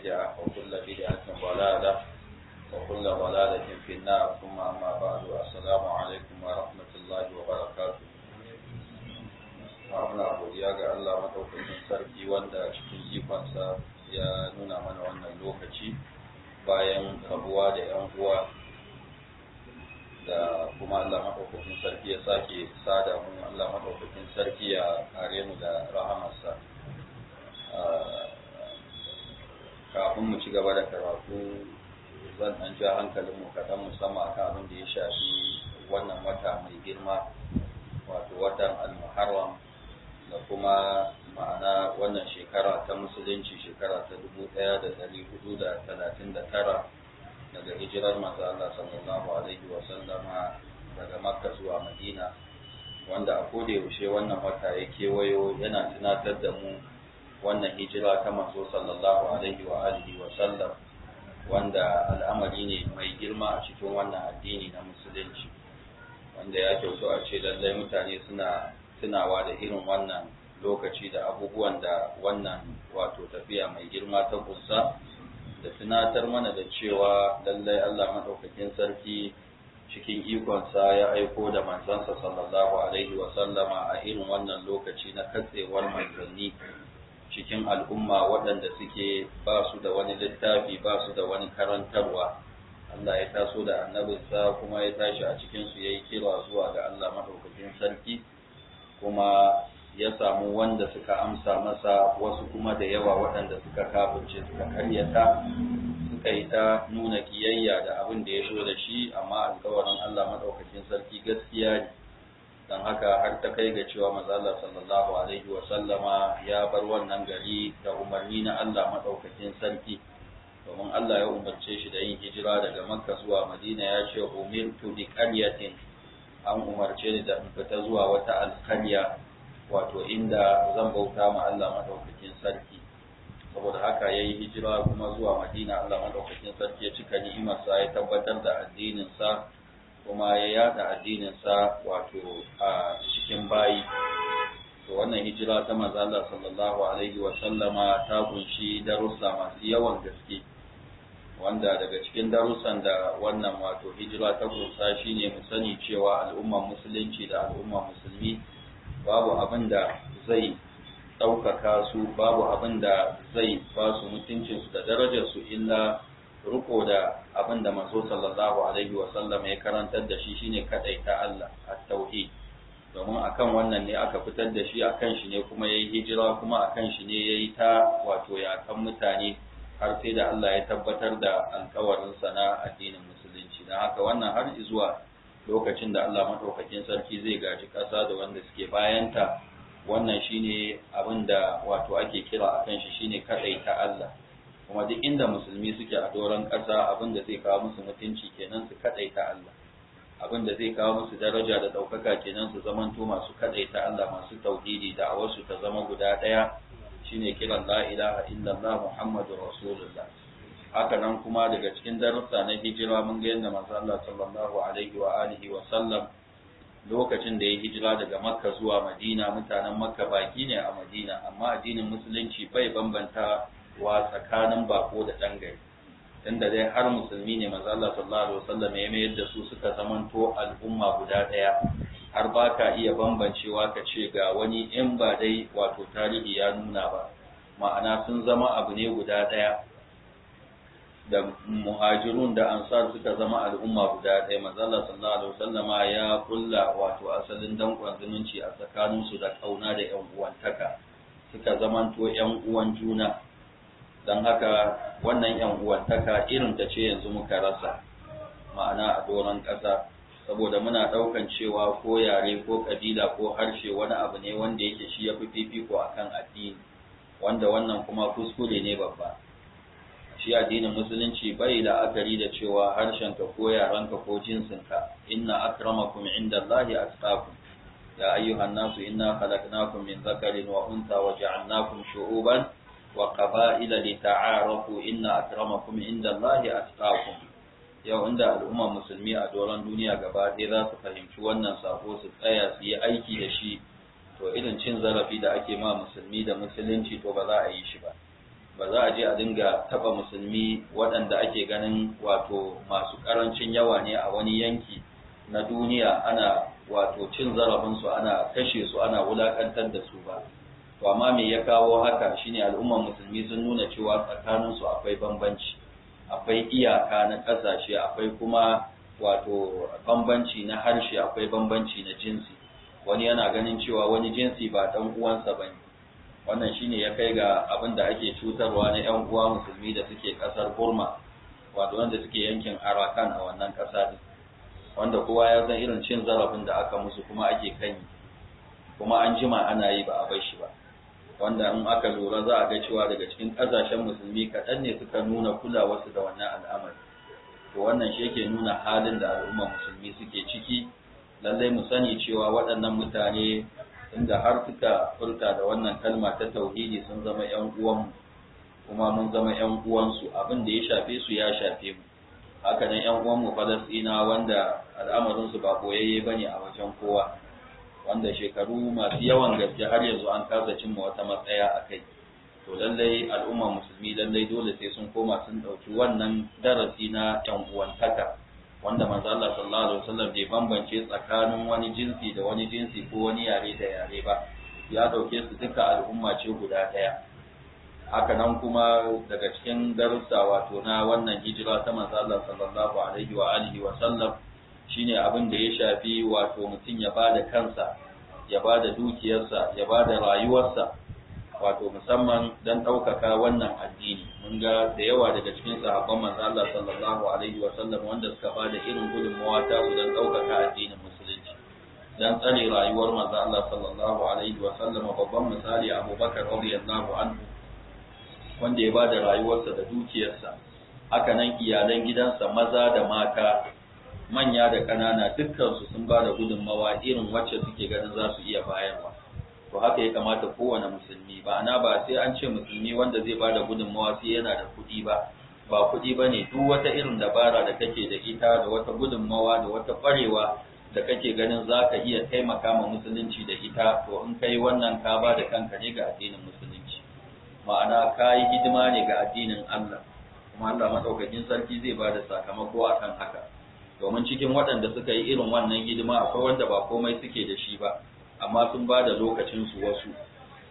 بدعة وكل بدعة ضلالة وكل ضلالة في النار wannan hijira ta manzo sallallahu alaihi wa alihi wa sallam wanda al'amari ne mai girma a cikin wannan addini na musulunci wanda ya kyautu a ce lallai mutane suna tunawa da irin wannan lokaci da abubuwan da wannan wato tafiya mai girma ta kusa da tunatar mana da cewa lallai Allah madaukakin sarki cikin ikonsa ya aiko da manzansa sallallahu alaihi wa sallama a irin wannan lokaci na katsewar manzanni cikin al'umma waɗanda suke ba su da wani littafi ba su da wani karantarwa Allah ya taso da annabinsa kuma ya tashi a cikinsu ya yi kira zuwa ga Allah maɗaukakin sarki kuma ya samu wanda suka amsa masa wasu kuma da yawa waɗanda suka kafince suka karyata suka yi ta nuna kiyayya da abin da ya zo da shi amma alkawarin Allah maɗaukakin sarki gaskiya ne don haka har ta kai ga cewa manzala sallallahu alaihi wa sallama ya bar wannan gari da umarni na Allah madaukakin sarki domin Allah ya umarce shi da yin hijira daga Makka zuwa Madina ya ce umirtu bi qaryatin an umarce ni da in fita zuwa wata alqarya wato inda zan bauta ma Allah madaukakin sarki saboda haka yayi hijira kuma zuwa Madina Allah madaukakin sarki ya cika ni'imarsa ya tabbatar da addinin sa kuma ya yada addininsa wato a cikin bayi to wannan hijira ta manzo Allah sallallahu alaihi wa sallama ta kunshi darussa masu yawan gaske wanda daga cikin darussan da wannan wato hijira ta kunsa shine mu sani cewa al'umman musulunci da al'umman musulmi babu abin da zai ɗaukaka su babu abin da zai ba su mutuncinsu da darajarsu illa riko da abin da manzo sallallahu alaihi wa sallam ya karantar da shi shine kadaita Allah at-tauhid domin akan wannan ne aka fitar da shi akan shi ne kuma yayi hijira kuma akan shi ne yayi ta wato ya kan mutane har sai da Allah ya tabbatar da alƙawarin sa na addinin musulunci dan haka wannan har zuwa lokacin da Allah madaukakin sarki zai gaji ƙasa da wanda suke bayanta wannan shine abin wato ake kira akan shi shine ta Allah kuma duk inda musulmi suke a doron ƙasa abin da zai kawo musu mutunci kenan su ta Allah abin da zai kawo musu daraja da ɗaukaka kenan su zamanto masu ta Allah masu tauhidi da awarsu ta zama guda ɗaya shine kiran la ilaha illallah muhammadur rasulullah haka nan kuma daga cikin darussa na hijira mun ga yadda manzo Allah sallallahu alaihi wa alihi wa sallam lokacin da ya hijira daga Makka zuwa Madina mutanen Makka baki ne a Madina amma addinin musulunci bai bambanta wa tsakanin bako da ɗan gari tunda dai har musulmi ne manzo Allah sallallahu alaihi wasallam ya mayar da su suka zamanto al'umma guda ɗaya har ba ka iya bambancewa ka ce ga wani in ba dai wato tarihi ya nuna ba ma'ana sun zama abu ne guda ɗaya da muhajirun da ansar suka zama al'umma guda ɗaya manzo Allah sallallahu alaihi wasallama ya kulla wato asalin danƙon zumunci a tsakaninsu da kauna da yan uwantaka suka zamanto yan uwan juna don haka wannan yan uwantaka irin ta ce yanzu muka rasa ma'ana a doron ƙasa saboda muna ɗaukan cewa ko yare ko ƙabila ko harshe wani abu ne wanda yake shi yafi fi fifiko akan addini wanda wannan kuma kuskure ne babba shi addinin musulunci bai la'akari da cewa harshenka ko yarenka ko jinsinka inna akramakum inda Allahi atqakum ya ayyuhan nasu inna khalaqnakum min dhakarin wa untha wa ja'alnakum shu'uban qabaila li ta'arufu inna akramakum indallahi atqakum yau inda al'umma musulmi a doron duniya gaba ɗaya za su fahimci wannan sako su tsaya su yi aiki da shi to irin cin zarafi da ake ma musulmi da musulunci to ba za a yi shi ba ba za a je a dinga taɓa musulmi waɗanda ake ganin wato masu ƙarancin yawa ne a wani yanki na duniya ana wato cin su ana kashe su ana wulaƙantar da su ba to amma me ya kawo haka shine al'ummar musulmi sun nuna cewa tsakanin su akwai bambanci akwai iyaka na ƙasashe akwai kuma wato bambanci na harshe akwai bambanci na jinsi wani yana ganin cewa wani jinsi ba dan uwansa ba wannan shine ya kai ga abin da ake cutarwa na yan uwa musulmi da suke kasar Burma wato wanda suke yankin Arakan a wannan ƙasa din wanda kowa ya san irin cin zarafin da aka musu kuma ake kan kuma an jima ana yi ba a bai shi ba wanda in aka lura za a ga cewa daga cikin ƙasashen musulmi kaɗan ne suka nuna wasu da wannan al'amari to wannan shi yake nuna halin da al'umma musulmi suke ciki lallai mu sani cewa waɗannan mutane inda har suka furta da wannan kalma ta tauhidi sun zama ƴan uwanmu kuma mun zama ƴan uwansu abin da ya shafe su ya shafe mu haka nan ƴan uwanmu falasɗina wanda al'amarinsu ba boyayye bane a wajen kowa wanda shekaru masu yawan gaske har yanzu an kasa cimma wata matsaya a kai to lallai al'umma musulmi lallai dole sai sun koma sun ɗauki wannan darasi na yan uwantaka wanda manzo Allah sallallahu alaihi wasallam bai bambance tsakanin wani jinsi da wani jinsi ko wani yare da yare ba ya dauke su duka al'umma ce guda ɗaya haka nan kuma daga cikin darussa wato na wannan hijira ta manzo Allah sallallahu alaihi wa alihi wa sallam shine abin da ya shafi wato mutum ya bada kansa ya bada dukiyarsa ya bada rayuwarsa wato musamman don ɗaukaka wannan addini mun ga da yawa daga cikin sahabban manzo Allah sallallahu alaihi wa sallam wanda suka bada irin gudunmawa ta su don ɗaukaka addinin musulunci don tsare rayuwar manzo Allah sallallahu alaihi wa sallam babban misali Abubakar radiyallahu anhu wanda ya bada rayuwarsa da dukiyarsa haka nan iyalan gidansa maza da mata manya da ƙanana dukkansu sun ba da gudunmawa irin wacce suke ganin za su iya bayarwa to haka ya kamata kowane musulmi ba ana ba sai an ce musulmi wanda zai ba da gudunmawa sai yana da kuɗi ba ba kuɗi ba ne duk wata irin dabara da kake da ita da wata gudunmawa da wata ƙwarewa da kake ganin za ka iya taimaka ma musulunci da ita to in kai wannan ka ba da kanka ne ga addinin musulunci ma'ana ka yi hidima ne ga addinin Allah kuma Allah maɗaukakin sarki zai ba da sakamako a kan haka domin cikin waɗanda suka yi irin wannan hidima akwai wanda ba komai suke da shi ba amma sun ba da lokacinsu wasu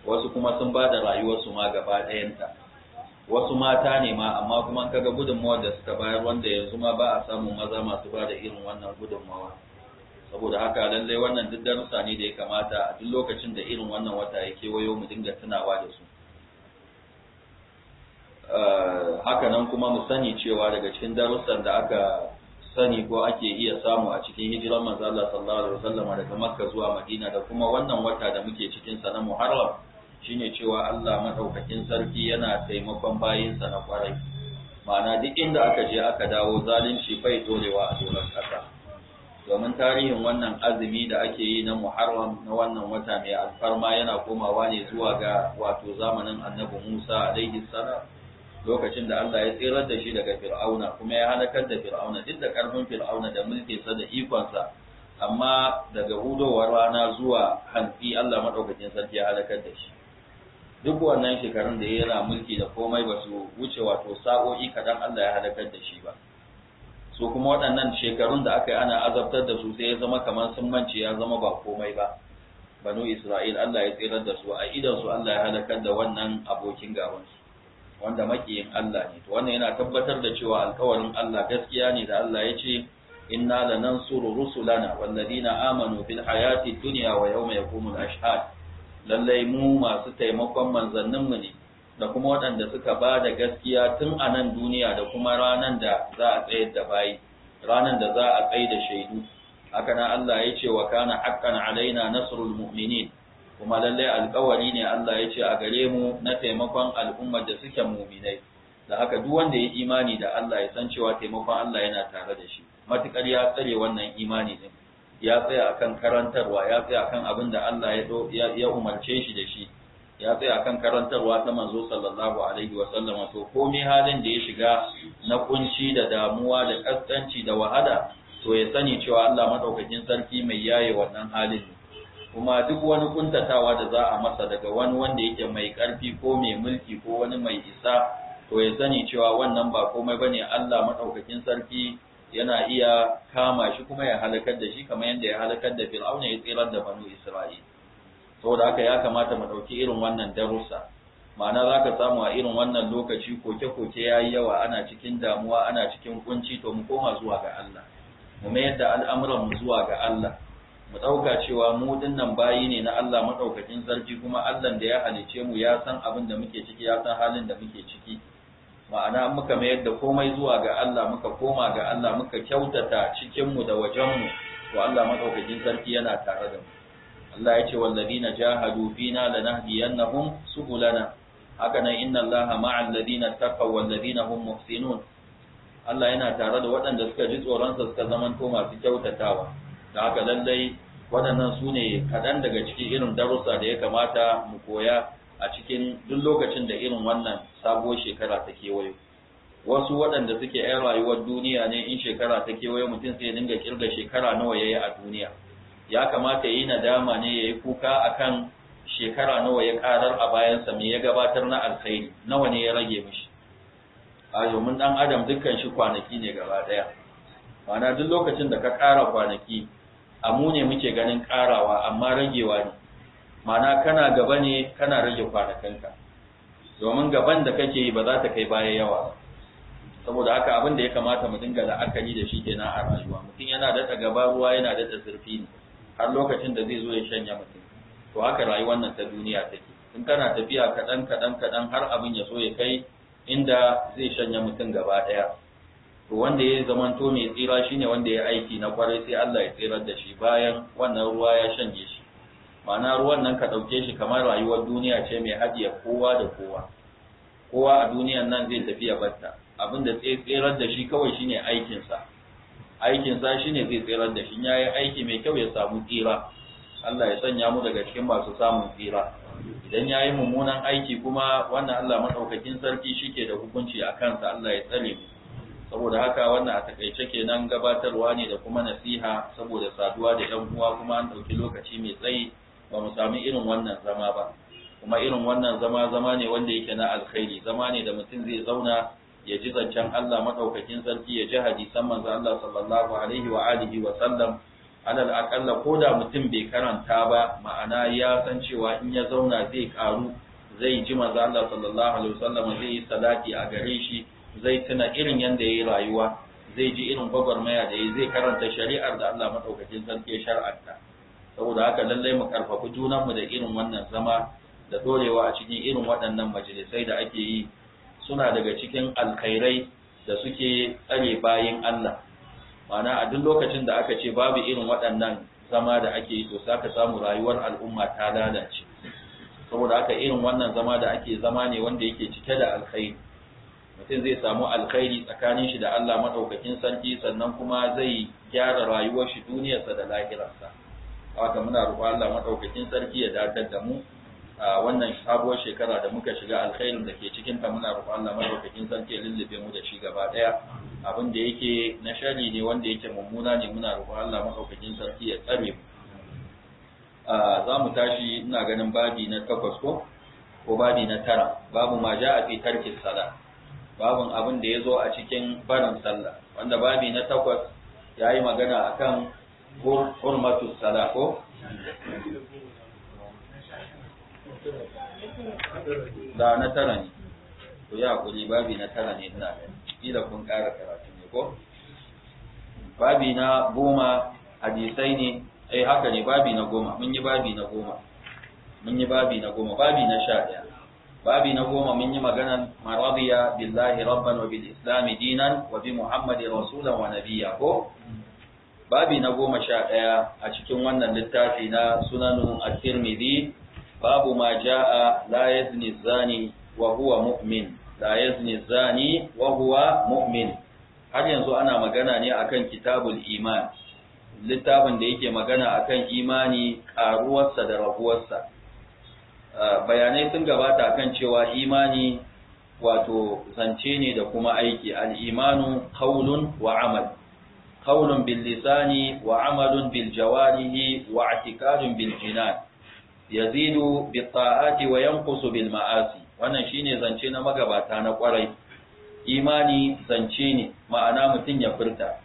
wasu kuma sun ba da rayuwarsu ma gaba ɗayanta wasu mata ne ma amma kuma kaga gudunmawar da suka bayar wanda yanzu ma ba a samun maza masu ba da irin wannan gudunmawa saboda haka lallai wannan duk darussa ne da ya kamata a duk lokacin da irin wannan wata ya kewayo mu dinga tunawa da su eh, haka nan kuma mu sani cewa daga cikin darussan da aka sani ko ake iya samu a cikin hijiran manzo Allah sallallahu alaihi wasallam daga Makka zuwa Madina da kuma wannan wata da muke cikin sa na Muharram shine cewa Allah madaukakin sarki yana taimakon bayinsa na kwarai ma'ana duk inda aka je aka dawo zalunci bai dorewa a doron kasa domin tarihin wannan azumi da ake yi na Muharram na wannan wata mai alfarma yana komawa ne zuwa ga wato zamanin Annabi Musa alaihi salam lokacin da Allah ya tsirar da shi daga fir'auna kuma ya halakar da fir'auna duk da karfin fir'auna da mulkinsa da ikonsa amma daga hudowar rana zuwa hanfi Allah madaukakin sarki ya halakar da shi duk wannan shekarun da yana mulki da komai ba su wuce wato sa'o'i kadan Allah ya halakar da shi ba su kuma waɗannan shekarun da aka yi ana azabtar da su sai ya zama kamar sun mance ya zama ba komai ba banu Isra'il Allah ya tsirar da su a idan su Allah ya halakar da wannan abokin gabansu wanda makiyin Allah ne to wannan yana tabbatar da cewa alkawarin Allah gaskiya ne da Allah ya ce inna lanansuru rusulana walladina amanu bil hayati dunya wa yawma yaqumul ashhad lallai mu masu taimakon mu ne da kuma waɗanda suka ba da gaskiya tun a nan duniya da kuma ranan da za a tsayar da bayi ranan da za a tsaye da shaidu haka nan Allah ya ce wa kana haqqan alaina nasrul mu'minin kuma lallai alkawari ne Allah ya ce a gare mu na taimakon al'ummar da suke muminai da haka duk wanda ya imani da Allah ya san cewa taimakon Allah yana tare da shi matukar ya tsare wannan imani din ya tsaya akan karantarwa ya tsaya akan abin da Allah ya ya umarce shi da shi ya tsaya akan karantarwa ta manzo sallallahu alaihi wa sallama to komai halin da ya shiga na kunci da damuwa da kaskanci da wahala to ya sani cewa Allah madaukakin sarki mai yaye wannan halin ne kuma duk wani kuntatawa da za a masa daga wani wanda yake mai ƙarfi ko mai mulki ko wani mai isa to ya sani cewa wannan ba komai bane Allah madaukakin sarki yana iya kama shi kuma ya halakar da shi kamar yadda ya halakar da Fir'auna ya tsirar da Banu Isra'il saboda haka ya kamata mu dauki irin wannan darussa ma'ana zaka samu a irin wannan lokaci koke-koke yayi yawa ana cikin damuwa ana cikin kunci to mu koma zuwa ga Allah mu mayar da al'amuran mu zuwa ga Allah mu ɗauka cewa mu dinnan bayi ne na Allah maɗaukakin sarki kuma Allah da ya halice mu ya san abin da muke ciki ya san halin da muke ciki ma'ana muka mayar da komai zuwa ga Allah muka koma ga Allah muka kyautata cikin mu da wajen mu to Allah maɗaukakin sarki yana tare da mu Allah ya ce wallazina jahadu fina lanahdiyannahum subulana haka nan inna Allah ma'al ladina taqaw wallazina hum muhsinun Allah yana tare da waɗanda suka ji tsoron sa suka zamanto masu kyautatawa da haka lallai waɗannan su ne kaɗan daga cikin irin darussa da ya kamata mu koya a cikin duk lokacin da irin wannan sabuwar shekara ta kewayo wasu waɗanda suke 'yan rayuwar duniya ne in shekara ta kewayo mutum sai dinga kirga shekara nawa ya a duniya ya kamata yi nadama ne ya yi kuka kan shekara nawa ya karar a bayansa me ya gabatar na alkhairi nawa ne ya rage mishi a domin ɗan adam dukkan shi kwanaki ne gaba ɗaya. ma'ana duk lokacin da ka kara kwanaki a mu ne muke ganin karawa amma ragewa ne mana kana gaba ne kana rage kwanakanka domin gaban da kake yi ba za ta kai baya yawa saboda haka abin da ya kamata mu dinga la'akari da shi kenan a rayuwa mutum yana daɗa gaba ruwa yana daɗa zurfi ne har lokacin da zai zo ya shanya mutum to haka rayuwar nan ta duniya take in kana tafiya kaɗan kaɗan kaɗan har abin ya so ya kai inda zai shanya mutum gaba ɗaya to wanda ya zamanto mai tsira shine wanda ya aiki na kwarai sai Allah ya tsirar da shi bayan wannan ruwa ya shanye shi ma'ana ruwan nan ka ɗauke shi kamar rayuwar duniya ce mai hajiya kowa da kowa kowa a duniyan nan zai tafi ya batta abin da tsirar da shi kawai shine aikinsa aikinsa shine zai tsirar da shi ya yi aiki mai kyau ya samu tsira Allah ya sanya mu daga cikin masu samun tsira idan ya yi mummunan aiki kuma wannan Allah madaukakin sarki shike da hukunci a kansa Allah ya tsare mu saboda haka wannan a takaice kenan gabatarwa ne da kuma nasiha saboda saduwa da yan uwa kuma an ɗauki lokaci mai tsayi ba mu sami irin wannan zama ba kuma irin wannan zama zama ne wanda yake na alkhairi zama ne da mutum zai zauna ya ji zancen Allah madaukakin sarki ya ji hadisan manzo Allah sallallahu alaihi wa alihi wa sallam alal aqalla ko da mutum bai karanta ba ma'ana ya san cewa in ya zauna zai karu zai ji manzo Allah sallallahu alaihi wa sallam zai yi salati a gare shi zai tuna irin yadda ya yi rayuwa zai ji irin gwagwarmaya da yayi zai karanta shari'ar da Allah madaukakin sarki ya shar'anta saboda haka lallai mu karfafi junanmu da irin wannan zama da dorewa a cikin irin waɗannan majalisai da ake yi suna daga cikin alkhairai da suke tsare bayin Allah ma'ana a duk lokacin da aka ce babu irin waɗannan zama da ake yi to saka ka samu rayuwar al'umma ta lalace saboda haka irin wannan zama da ake zama ne wanda yake cike da alkhairi mutum zai samu alkhairi tsakanin shi da Allah madaukakin sarki sannan kuma zai gyara rayuwar shi duniyarsa da lahirarsa haka muna roƙo Allah madaukakin sarki ya dadar da mu a wannan sabuwar shekara da muka shiga alkhairin da ke cikin ta muna roƙo Allah madaukakin sarki ya lullube mu da shi gaba daya abin da yake na shari ne wanda yake mummuna ne muna roƙo Allah madaukakin sarki ya tsare mu za mu tashi ina ganin babi na takwas ko ko babi na tara babu ma a fi tarkis sala babin abin da ya zo a cikin barin sallah wanda babi na takwas ya yi magana a kan hurmatu sallah ko? da na tara ne to ya kuli babi na tara ne ina da kun ƙara karatu ne ko? babi na goma hadisai ne eh haka ne babi na goma mun yi babi na goma mun yi babi na goma babi na sha ɗaya babi na goma mun yi maganan maradiya billahi rabban wa bil islami dinan wa bi muhammadin rasulan wa nabiyya ko babi na goma sha ɗaya a cikin wannan littafi na sunanu at-tirmidhi babu ma ja'a la yazni zani wa huwa mu'min la yazni zani wa huwa mu'min har yanzu ana magana ne akan kitabul iman littafin da yake magana akan imani karuwarsa da raguwarsa bayanai sun gabata kan cewa imani wato zance ne da kuma aiki al'imanu kaulun wa amal kaulun bil lisani wa amalun bil jawarihi wa atikadun bil jinan yazidu bil ta'ati wa yanqusu bil ma'asi wannan shine zance na magabata na kwarai imani zance ne ma'ana mutum ya furta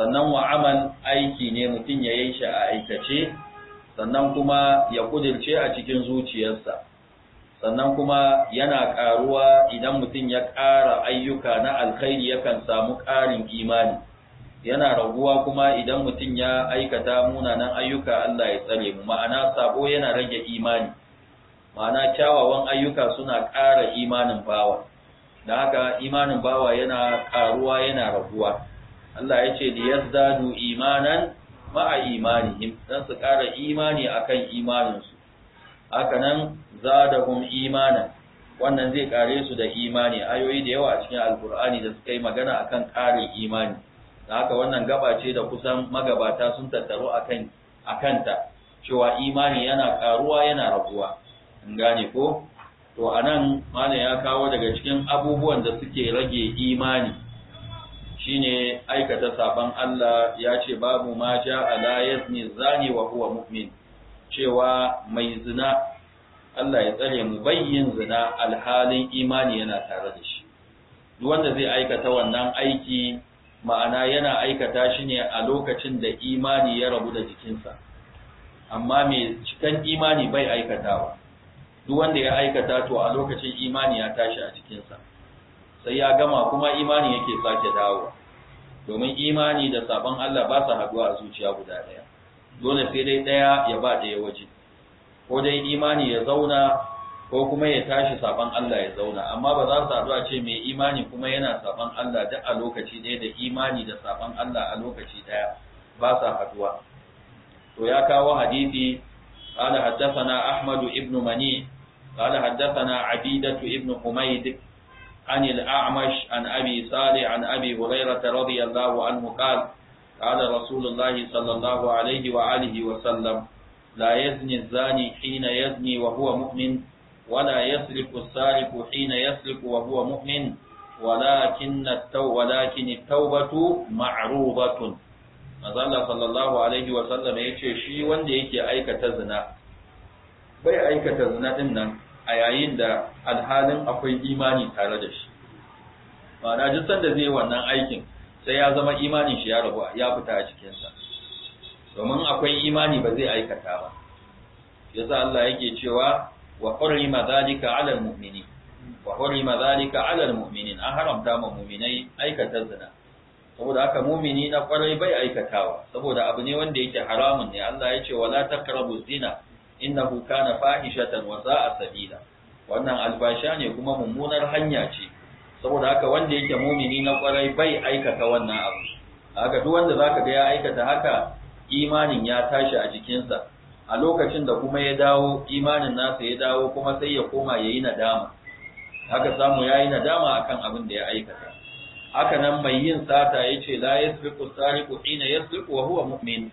sannan wa amal aiki ne mutum ya yi shi a aikace sannan kuma ya kudirce a cikin zuciyarsa sannan kuma yana karuwa idan mutum ya ƙara ayyuka na alkhairi yakan samu ƙarin imani yana raguwa kuma idan mutum ya aikata munanan ayyuka Allah ya tsare mu ma'ana sabo yana rage imani ma'ana kyawawan ayyuka suna ƙara imanin bawa da haka imanin bawa yana ƙaruwa yana raguwa Allah ya ce da yazdadu imanan ma'a imanihim dan su ƙara imani akan imaninsu hakanan nan zadahum imanan wannan zai kare su da imani ayoyi da yawa a cikin alkur'ani da suka yi magana akan ƙarin imani da haka wannan gaba ce da kusan magabata sun tattaru akan akanta cewa imani yana karuwa yana rabuwa in gane ko to anan malam ya kawo daga cikin abubuwan da suke rage imani shine aikata saban Allah ya ce babu ma ja ala yazni zani wa huwa mu'min cewa mai zina Allah ya tsare mu bayyin zina alhalin imani yana tare da shi duk wanda zai aikata wannan aiki ma'ana yana aikata shi ne a lokacin da imani ya rabu da jikinsa amma mai cikan imani bai aikatawa duk wanda ya aikata to a lokacin imani ya tashi a cikinsa sai ya gama kuma imani yake sake dawo domin imani da sabon Allah ba su haduwa a zuciya guda ɗaya dole sai dai ɗaya ya ba ɗaya waje ko dai imani ya zauna ko kuma ya tashi sabon Allah ya zauna amma ba za su haɗu a ce mai imani kuma yana sabon Allah duk a lokaci ɗaya da imani da sabon Allah a lokaci ɗaya ba sa haduwa to ya kawo hadisi قال حدثنا أحمد ابن مني قال حدثنا عبيدة ابن حميد عن الأعمش عن أبي صالح عن أبي هريرة رضي الله عنه قال قال رسول الله صلى الله عليه وآله وسلم لا يزني الزاني حين يزني وهو مؤمن ولا يسرق السارق حين يسرق وهو مؤمن ولكن التو ولكن التوبة معروضة Mazalla sallallahu alaihi wa sallam ya ce shi wanda yake aikata zina bai aikata zina din nan a yayin da alhalin akwai imani tare da shi ma'ana duk sanda zai wannan aikin sai ya zama imanin shi ya rabu ya fita a cikinsa domin akwai imani ba zai aikata ba yasa Allah yake cewa wa hurrima zalika ala almu'minin wa hurrima zalika ala almu'minin an haramta ma mu'minai aikata zina saboda haka mu'mini na kwarai bai aikatawa saboda abu ne wanda yake haramun ne Allah ya ce wala taqrabu zina innahu kana fahishatan wa sa'a sabila wannan albasha ne kuma mummunar hanya ce saboda haka wanda yake mumini na kwarai bai aikata wannan abu haka duk wanda zaka ga ya aikata haka imanin ya tashi a jikinsa a lokacin da kuma ya dawo imanin nasa ya dawo kuma sai ya koma yayi nadama haka samu yayi nadama akan abin da ya aikata haka nan mai yin sata yace la yasriqu sariqu hina yasriqu wa huwa mu'min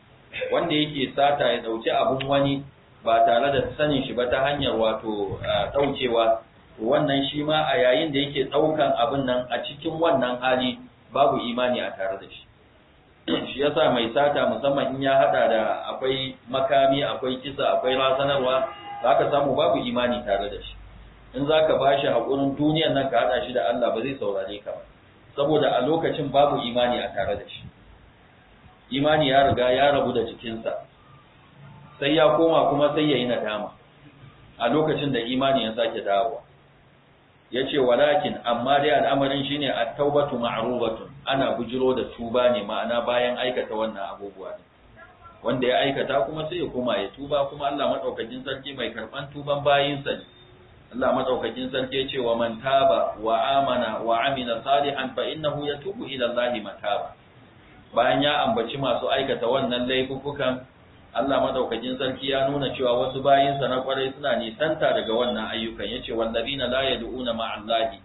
wanda yake sata ya dauki abun wani ba tare da sanin shi ba ta hanyar wato ɗaukewa wannan shi ma a yayin da yake ɗaukan abin nan a cikin wannan hali babu imani a tare da shi shi yasa mai sata musamman in ya hada da akwai makami akwai kisa akwai rasanarwa za samu babu imani tare da shi in zaka ka ba shi haƙurin duniyan nan ka haɗa shi da Allah ba zai saurare ka ba saboda a lokacin babu imani a tare da shi imani ya riga ya rabu da jikinsa sai ya koma kuma sai ya yi nadama a lokacin da imani ya sake dawowa ya ce walakin amma dai al'amarin shi ne a taubatu ma'arubatun ana bujiro da tuba ne ma'ana bayan aikata wannan abubuwa ne wanda ya aikata kuma sai ya koma ya tuba kuma Allah madaukakin sarki mai karban tuban bayinsa ne Allah madaukakin sarki ya ce wa man taba wa amana wa amila salihan fa innahu yatubu ila Allah mataba bayan ya ambaci masu aikata wannan laifukan Allah madaukakin sarki ya nuna cewa wasu bayinsa na kwarai suna nisanta daga wannan ayyukan yace wallazina la yad'una Allahi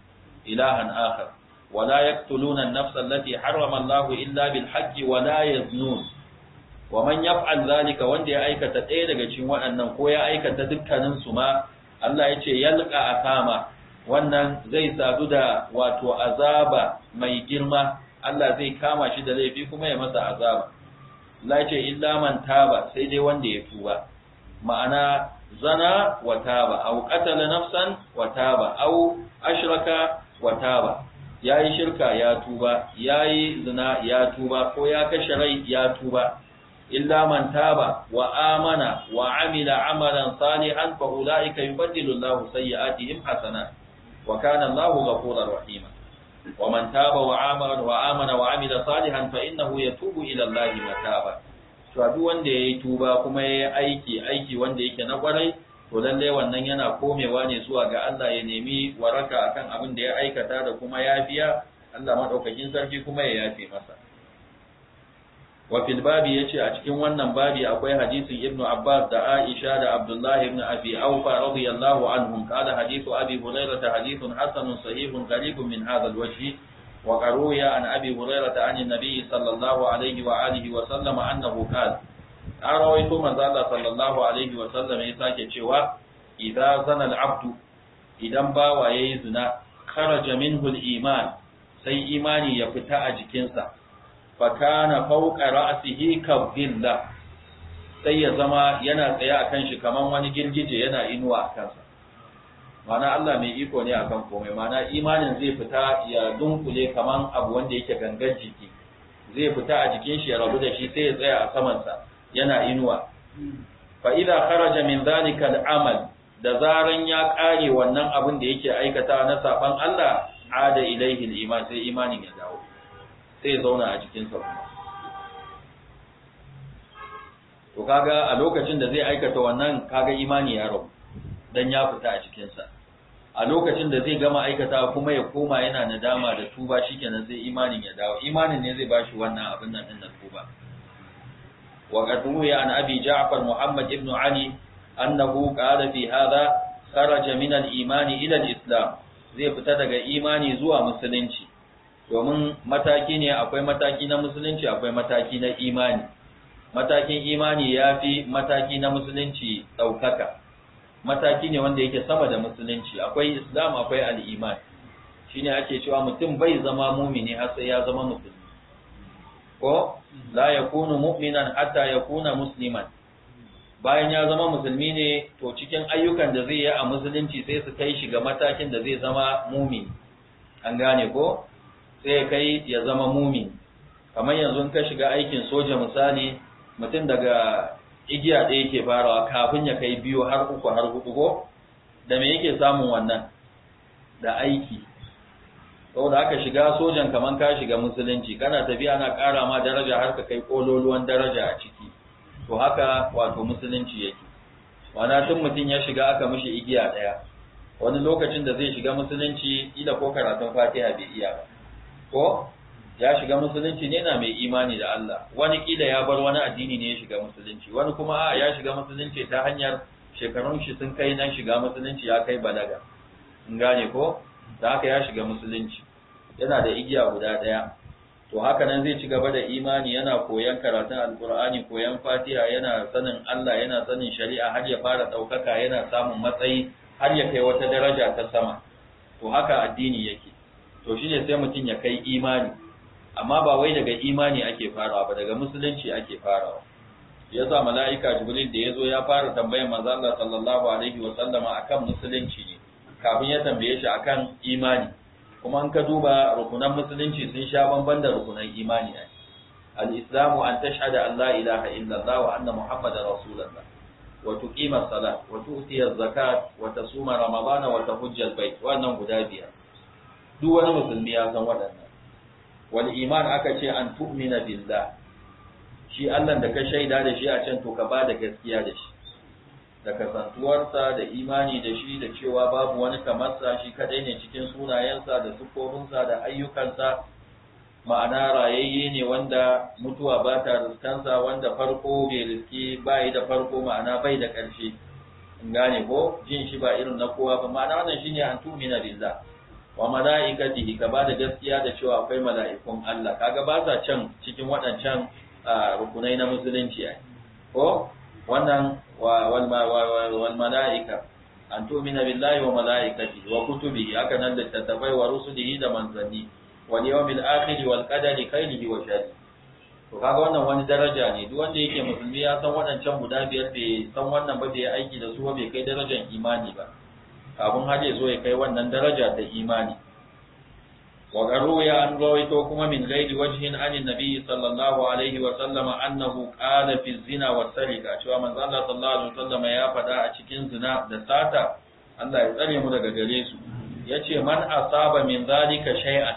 ilahan akhar wa la yaqtuluna an-nafsa allati harrama Allah illa bil haqq wa la yaznun wa man yaf'al zalika wanda ya aikata ɗaya daga cikin waɗannan ko ya aikata dukkanin su ma Allah yace yalqa asama wannan zai sadu da wato azaba mai girma Allah zai kama shi da laifi kuma ya masa azaba la ce illa man taba sai dai wanda ya tuba ma'ana zana wa taba aw qatala nafsan wa taba aw ashraka wa taba yayi shirka ya tuba yayi zina ya tuba ko ya kashe rai ya tuba illa man taba wa amana wa amila amalan salihan fa ulaika yubaddilu Allahu sayyi'atihim hasanat wa kana Allahu ghafurur rahima wa wa تاب wa وآمن salihan fa innahu يتوب إلى الله متابا to duk wanda yayi tuba kuma yayi aiki aiki wanda yake na kwarai to lalle wannan yana komewa ne zuwa ga Allah ya nemi waraka akan abin da ya aikata da kuma yafiya Allah madaukakin sarki kuma ya yafe masa wa fil babi yace a cikin wannan babi akwai hadisin ibn Abbas da Aisha da Abdullahi ibn Abi Awfa radiyallahu anhum qala hadisu Abi Hurairah hadithun hasanun sahihun gharibun min hadha al wa qaruya an Abi Hurairah an an-nabiy sallallahu alaihi wa alihi wa sallam annahu qala arawaito manzo Allah sallallahu alayhi wa sallam ya sake cewa idza zana al-abdu idan bawa yayi zina kharaja minhu al-iman sai imani ya fita a jikinsa fakana fauka ka kabdilla sai ya zama yana tsaye akan shi kaman wani girgije yana inuwa a kansa mana Allah mai iko ne akan komai mana imanin zai fita ya dunkule kaman abu wanda yake gangan jiki zai fita a jikin shi ya rabu da shi sai ya tsaya a samansa yana inuwa fa idza kharaja min dhalika al-amal da zaran ya kare wannan abin da yake aikata na saban Allah ada ilaihi al-iman sai imanin ya dawo sai zauna a cikinsa kuma to kaga a lokacin da zai aikata wannan kaga imani ya rabu dan ya fita a cikinsa a lokacin da zai gama aikata kuma ya koma yana nadama da tuba shikenan zai imanin ya dawo imanin ne zai bashi wannan abin nan din na tuba وقد روي عن أبي جعفر محمد بن علي أنه قال في هذا خرج من الإيمان إلى الإسلام zai fita daga imani zuwa musulunci domin mataki ne akwai mataki na musulunci akwai mataki na imani matakin imani ya fi mataki na musulunci ɗaukaka mataki ne wanda yake sama da musulunci akwai islam akwai al'iman shine ake cewa mutum bai zama mumini har sai ya zama musulmi ko la yakunu mu'minan hatta yakuna musliman bayan ya zama musulmi ne to cikin ayyukan da zai yi a musulunci sai su kai shi ga matakin da zai zama mumini an gane ko sai kai ya zama mumin kamar yanzu ka shiga aikin soja misali mutum daga igiya ɗaya yake farawa kafin ya kai biyu har uku har hudu ko da me yake samun wannan da aiki saboda haka shiga sojan kamar ka shiga musulunci kana tafiya ana ƙara ma daraja har ka kai ƙololuwan daraja a ciki to haka wato musulunci yake wana tun mutum ya shiga aka mishi igiya ɗaya wani lokacin da zai shiga musulunci ila ko karatun fatiha bai iya ba ko ya shiga musulunci ne na mai imani da Allah wani kila ya bar wani addini ne ya shiga musulunci wani kuma a ya shiga musulunci ta hanyar shekarun shi sun kai nan shiga musulunci ya kai balaga in gane ko da haka ya shiga musulunci yana da igiya guda ɗaya to haka nan zai ci gaba da imani yana koyan karatun alkur'ani koyan fatiha yana sanin Allah yana sanin shari'a har ya fara ɗaukaka yana samun matsayi har ya kai wata daraja ta sama to haka addini yake to shine sai mutum ya kai imani amma ba wai daga imani ake farawa ba daga musulunci ake farawa ya sa mala'ika jibril da ya zo ya fara tambayar manzo Allah sallallahu alaihi wa sallama akan musulunci ne kafin ya tambaye shi akan imani kuma an ka duba rukunan musulunci sun sha bamban da rukunan imani ne al-islamu an tashhadu an la ilaha Allah wa anna muhammadar rasulullah wa tuqima as-salat wa tu'ti az-zakat wa tasuma ramadana wa tahujja al-bayt wannan guda biyar duk wani musulmi ya san waɗannan wani iman aka ce an tu'mina billah shi Allah da ka shaida da shi a can to ka bada gaskiya da shi da kasantuwarsa da imani da shi da cewa babu wani kamarsa shi kadai ne cikin sunayensa da sukorinsa da ayyukansa ma'ana rayayye ne wanda mutuwa ba ta riskansa wanda farko bai riski yi da farko ma'ana bai da ƙarshe in gane ko jin shi ba irin na kowa ba ma'ana wannan shine an tumina billah wa mala'ikatihi ka bada gaskiya da cewa akwai mala'ikun Allah kaga ba sa can cikin waɗancan rukunai na musulunci ai ko wannan wal mala'ika an tu'mina billahi wa mala'ikatihi wa kutubihi aka nan da tattabai wa rusulihi da manzanni wa yawmil akhir wal qadari khairihi wa sharrihi to kaga wannan wani daraja ne duk wanda yake musulmi ya san waɗancan guda biyar bai san wannan ba bai aiki da su ba bai kai darajar imani ba kafin har zo ya kai wannan daraja da imani wa ya an rawaito kuma min gaidi wajhin an nabi sallallahu alaihi wa sallama annahu qala fi zina wa sarika cewa manzo Allah sallallahu alaihi wa sallama ya fada a cikin zina da sata Allah ya tsare mu daga gare su yace man asaba min zalika shay'an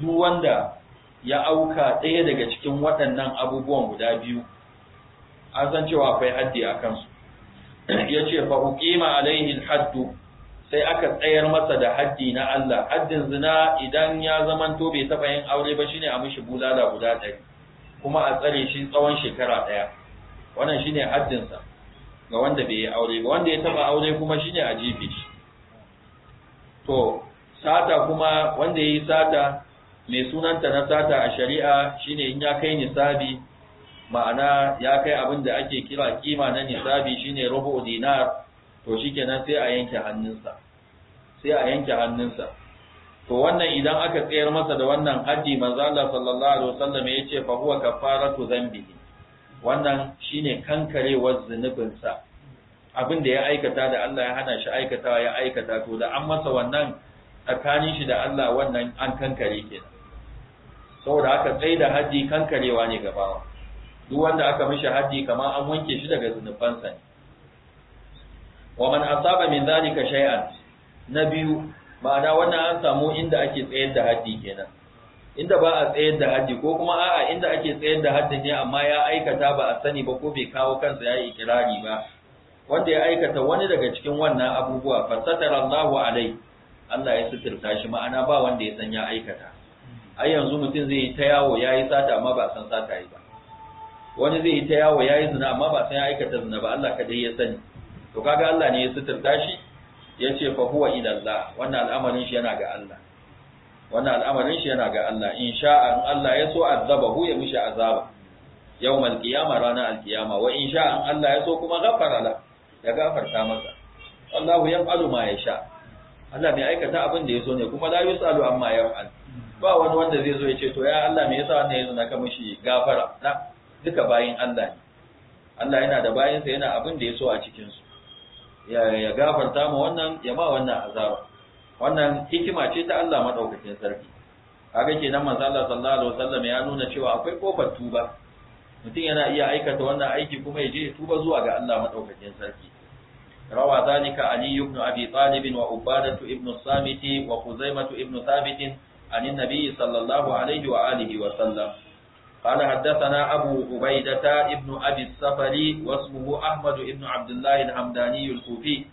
duk wanda ya auka ɗaya daga cikin waɗannan abubuwan guda biyu an san cewa akwai haddi a kansu ya ce fa hukima alaihi haddu sai aka tsayar masa da haddi na Allah haddin zina idan ya to bai taɓa yin aure ba shine a mishi bulala guda ɗari kuma a tsare shi tsawon shekara ɗaya wannan shine sa ga wanda bai yi aure ba wanda ya taɓa aure kuma shine a jibi. shi to sata kuma wanda ya yi sata mai sunanta na sata a shari'a shine in ya kai nisabi ma'ana ya kai abin da ake kira kima na nisabi shine rubu dinar to shikenan sai a yanke hannunsa sai a yanke hannunsa to wannan idan aka tsayar masa da wannan haddi manzo Allah sallallahu alaihi wasallam ce fa huwa kafaratu dhanbi wannan shine kankarewar zinubinsa. abin da ya aikata da Allah ya hana shi aikatawa ya aikata to da an masa wannan tsakanin shi da Allah wannan an kankare kenan saboda haka tsayi da haji kankarewa ne gabawa duk wanda aka mishi haddi kamar an wanke shi daga zunubansa ne wa man asaba min zalika shay'an na biyu ma'ana wannan an samu inda ake tsayar da haddi kenan inda ba a tsayar da haddi ko kuma a'a inda ake tsayar da haddi ne amma ya aikata ba a sani ba ko bai kawo kansa ya yi ikirari ba wanda ya aikata wani daga cikin wannan abubuwa satara Allahu alai Allah ya suturta shi ma'ana ba wanda ya san ya aikata ai yanzu mutum zai yi ta yawo ya yi sata amma ba san sata yi ba wani zai yi ta yawo yayi zina amma ba san ya aikata zina ba Allah kadai ya sani to kaga Allah ne ya suturta shi yace fa huwa ila Allah wannan al'amarin shi yana ga Allah wannan al'amarin shi yana ga Allah in sha'a in Allah ya so hu ya mishi azaba yawmal qiyama ranar alqiyama wa in sha'a in Allah ya so kuma ghafara la ya gafarta masa Allahu yaf'alu ma yasha Allah mai aikata abin da ya so ne kuma la yusalu amma yaf'al ba wani wanda zai zo ya ce to ya Allah me yasa wannan yanzu na ka mishi gafara duka bayin Allah ne Allah yana da bayinsa yana abin da ya so a cikinsu ya gafarta ma wannan ya ma wannan azaba wannan hikima ce ta Allah madaukakin sarki kaga kenan manzo Allah sallallahu alaihi wasallam ya nuna cewa akwai kofar tuba mutum yana iya aikata wannan aiki kuma ya je ya tuba zuwa ga Allah madaukakin sarki rawa zalika ali ibn abi talib wa ubadatu ibn samiti wa khuzaimah ibn thabit an nabi sallallahu alaihi wa alihi wa sallam قال حدثنا أبو عبيدة ابن أبي السفري واسمه أحمد ابن عبد الله الحمداني الكوفي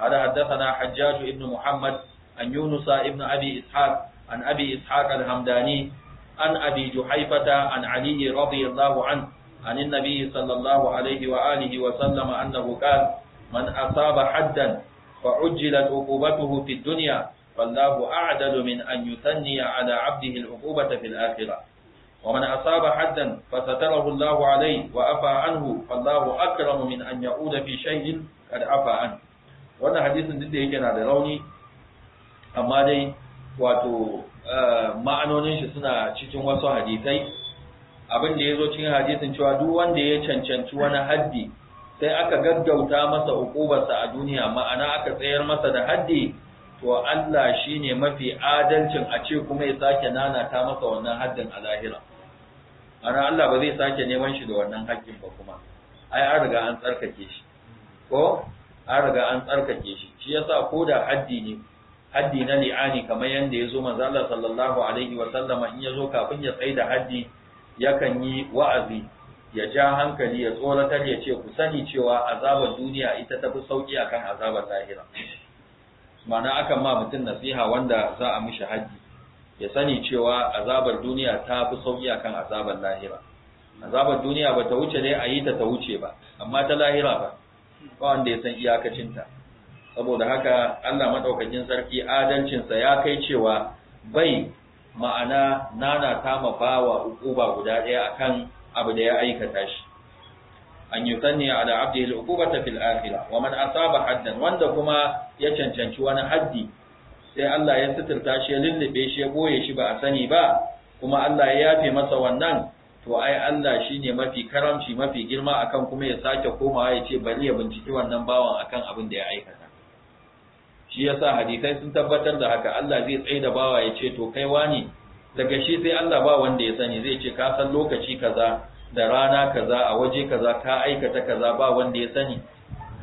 قال حدثنا حجاج ابن محمد أن يونس ابن أبي إسحاق عن أبي إسحاق الهمداني عن أبي جحيفة عن علي رضي الله عنه عن النبي صلى الله عليه وآله وسلم أنه قال من أصاب حدا فعجلت عقوبته في الدنيا فالله أعدل من أن يثني على عبده العقوبة في الآخرة ومن أصاب حدا فستره الله عليه وأفى عنه فالله أكرم من أن يعود في شيء قد أفى عنه wannan hadisin duk da yake na da rauni amma dai wato ma'anonin shi suna cikin wasu hadisai abin da ya zo cikin hadisin cewa duk wanda ya cancanci wani haddi sai aka gaggauta masa sa a duniya ma'ana aka tsayar masa da haddi to Allah shine mafi adalcin a ce kuma ya sake nanata masa wannan haddin a lahira ana Allah ba zai sake neman shi da wannan haƙƙin ba kuma ai an riga an tsarkake shi ko an riga an tsarkake shi shi yasa ko da haddi ne haddi na li'ani kamar yanda ya zo manzo Allah sallallahu alaihi wa sallama in ya zo kafin ya tsaida haddi yakan yi wa'azi ya ja hankali ya tsoratar ya ce ku sani cewa azabar duniya ita ta fi sauki akan azabar lahira ma'ana akan ma mutum nasiha wanda za a mishi haddi ya sani cewa azabar duniya ta fi sauki akan azabar lahira azabar duniya ba ta wuce dai a yi ta ta wuce ba amma ta lahira ba ba wanda ya san iyakacinta saboda haka Allah madaukakin sarki adalcinsa ya kai cewa bai ma'ana nana ta bawa ukuba guda ɗaya akan abu da ya aikata shi an a ala abdihi al ta fil akhirah wa man asaba haddan wanda kuma ya cancanci wani haddi sai Allah ya suturta shi ya lullube shi ya boye shi ba a sani ba kuma Allah ya yafe masa wannan to ai Allah shine mafi karamci mafi girma akan kuma ya sake komawa ya ce bari ya binciki wannan bawan akan abin da ya aikata shi yasa hadisai sun tabbatar da haka Allah zai tsaye da bawa ya ce to kai wani daga shi sai Allah ba wanda ya sani zai ce ka san lokaci kaza da rana kaza a waje kaza ka aikata kaza ba wanda ya sani